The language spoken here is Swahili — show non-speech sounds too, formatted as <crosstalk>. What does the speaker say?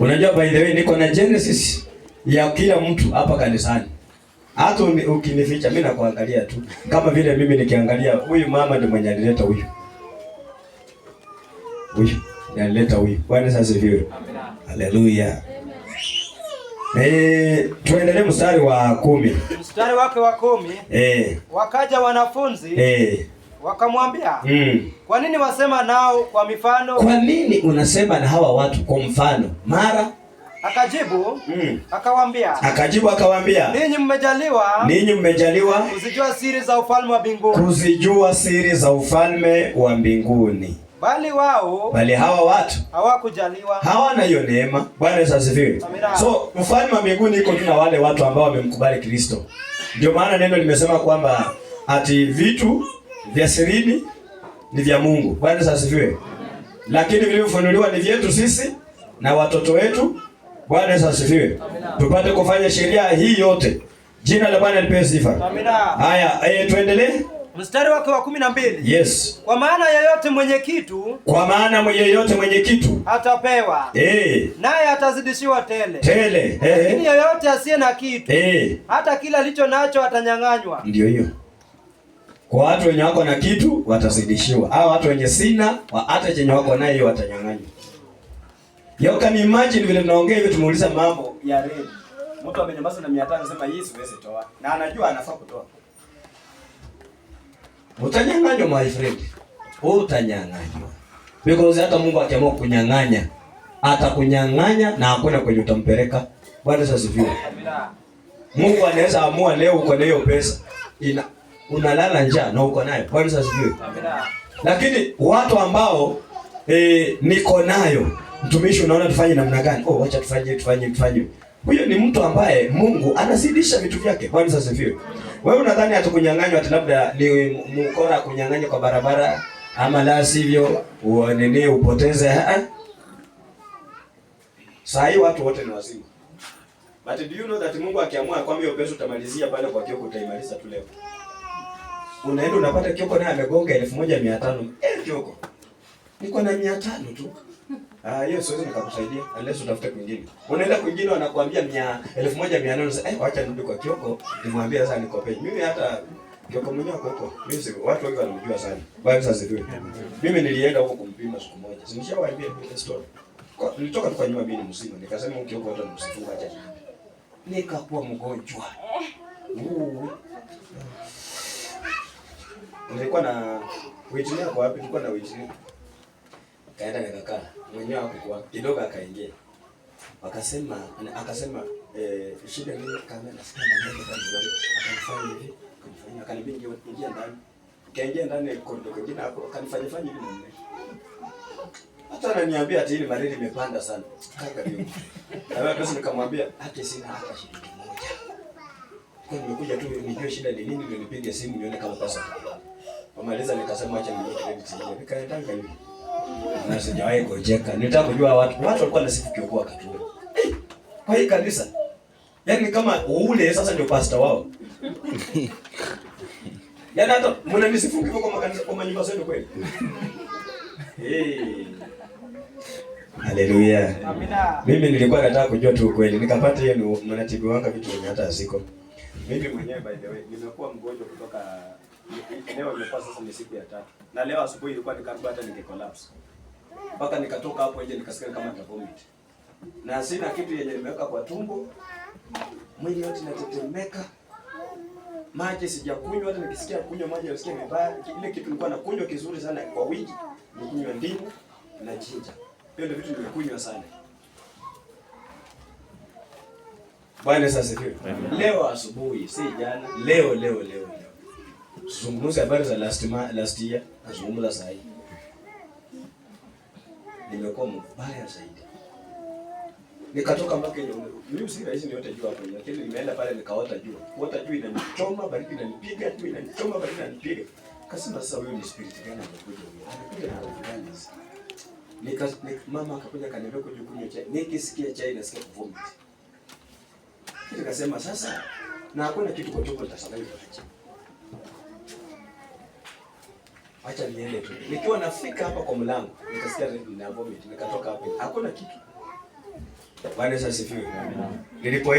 Unajua, by the way niko na genesis ya kila mtu hapa kanisani. Hata ukinificha mimi nakuangalia tu, kama vile mimi nikiangalia huyu mama ndiye mwenye alileta huyu huyu alileta huyu. Bwana sasa hivi, haleluya. Eh, tuendelee mstari wa kumi. Mstari wake wa kumi. Eh. Wakaja wanafunzi. Eh wakamwambia mm. Kwa nini wasema nao kwa mifano? Kwa nini unasema na hawa watu kwa mfano? Mara akajibu mm. akawambia, akajibu akawambia, ninyi mmejaliwa, ninyi mmejaliwa kuzijua siri za ufalme wa mbinguni, kuzijua siri za ufalme wa mbinguni bali wao bali hawa watu hawakujaliwa, hawana hiyo neema. Bwana Yesu asifiwe. So ufalme wa mbinguni iko tu na wale watu ambao wamemkubali Kristo. Ndio maana neno limesema kwamba ati vitu vya sirini ni vya Mungu. Bwana asifiwe. Lakini vilivyofunuliwa ni vyetu sisi na watoto wetu. Bwana asifiwe. Tupate kufanya sheria hii yote. Jina la Bwana lipewe sifa. Amina. Haya, eh, tuendelee. Mstari wake wa 12. Yes. Kwa maana yeyote mwenye kitu, kwa maana mwenye yeyote mwenye kitu atapewa. Eh. Naye atazidishiwa tele. Tele. Eh. Lakini yeyote asiye na kitu, eh, hata kila alicho nacho atanyang'anywa. Ndio hiyo. Kwa watu wenye wako na kitu watazidishiwa, Hao watu wenye sina wa hata chenye wako naye hiyo watanyang'anywa. You can imagine vile tunaongea hivi, tumeuliza mambo ya redi, mtu amenyamaza na 500 anasema hii siwezi toa, na anajua anafaa kutoa, utanyang'anywa my friend, utanyang'anywa because hata Mungu akiamua kunyang'anya atakunyang'anya, na hakuna kwenye utampeleka. Bwana sasa sivyo. Mungu anaweza amua leo uko na hiyo pesa ina unalala njaa na uko nayo. Bwana asifiwe. Lakini watu ambao e, niko nayo mtumishi, unaona tufanye namna gani? Oh, acha tufanye tufanye tufanye. Huyo ni mtu ambaye Mungu anazidisha vitu vyake. Bwana asifiwe. Wewe unadhani atakunyang'anywa ati labda ni mkora kunyang'anya kwa barabara ama la sivyo uanene upoteze ha? Eh? Saa hii watu wote ni wazima. But do you know that Mungu akiamua kwamba hiyo pesa utamalizia pale kwa kio, utaimaliza tu leo unaenda unapata Kioko naye amegonga elfu moja mia tano. Eh, Kioko niko na mia tano tu. Ah, hiyo siwezi nikakusaidia unless utafute kwingine. Unaenda kwingine wanakuambia mia elfu moja mia nane. Eh, acha nirudi kwa Kioko nimwambie sasa nikope. Mimi hata Kioko mwenyewe kwa huko. Mimi si watu wengi wanamjua sana. Bali sasa sijui. Mimi nilienda huko kumpima siku moja. Si nishawaambia ile story. Kwa, nilitoka tu kwa nyuma bini mzima nikasema Kioko hata msifunga acha. Nikakuwa mgonjwa. Uh. Nilikuwa na witch yako wapi? Tulikuwa na witch. Kaenda kakakaa. Mwenyewe hakukuwa. Kidogo akaingia. Akasema akasema eh, shida ni kama nasikia maneno ya kuzuri. Akanifanya hivi. Akanifanya akanibingia ingia ndani. Kaingia ndani kwa kondo kingine hapo akanifanya fanya hivi mimi. Hata ananiambia ati ile marili imepanda sana. Kaka ndio. Na wewe basi nikamwambia hata sina hata shida. moja. Kwa nimekuja tu nijue shida ni nini ndio nipige simu nione kama pesa. Wamaliza nikasema acha nije nikaenda ngani. Na sijawahi gojeka. Nitaka kujua watu watu walikuwa na sifa eh, kwa kitu. Kwa hiyo kanisa. Yaani kama ule sasa ndio pastor wao. <laughs> Yaani hata mna misifu kipo kwa makanisa kwa manyumba zenu kweli. <laughs> Eh. Haleluya. Amina. Mimi nilikuwa nataka kujua tu kweli. Nikapata yeye ni mwanatibu wangu vitu hata ziko. Mimi mwenyewe by the way nimekuwa mgonjwa kutoka leo imekuwa sasa ni siku ya tatu, na leo asubuhi ilikuwa ni karibu hata ninge collapse mpaka nikatoka hapo nje nikasikia kama nita vomit, na sina kitu yenye nimeweka kwa tumbo, mwili yote inatetemeka, maji sijakunywa. Hata nikisikia kunywa maji nasikia vibaya. Ile kitu nilikuwa nakunywa kizuri sana kwa wiki nikunywa ndimu na jinja, hiyo ndio vitu nimekunywa sana. Bwana sasa, leo asubuhi, si jana, leo leo leo leo Tuzungumze habari za last ma, last year nazungumza saa hii. Nimekuwa mbaya zaidi. Nikatoka mpaka ile mimi si rahisi niote jua hapo, lakini nimeenda pale nikaota jua. Kuota jua inanichoma, baridi inanipiga, tu inanichoma, baridi inanipiga. Kasema sasa wewe ni spirit gani amekuja huyu? Anakuja na roho gani sasa? Nika, nika mama akakuja kaniambia kuja kunywa chai. Nikisikia chai nasikia kuvomit. Nikasema sasa na hakuna kitu kwa choko cha sababu chai. acha niende tu. Nikiwa nafika hapa kwa mlango, nikasikia na vomit, nikatoka hapo. Hakuna kitu. Bwana asifiwe. Nilipo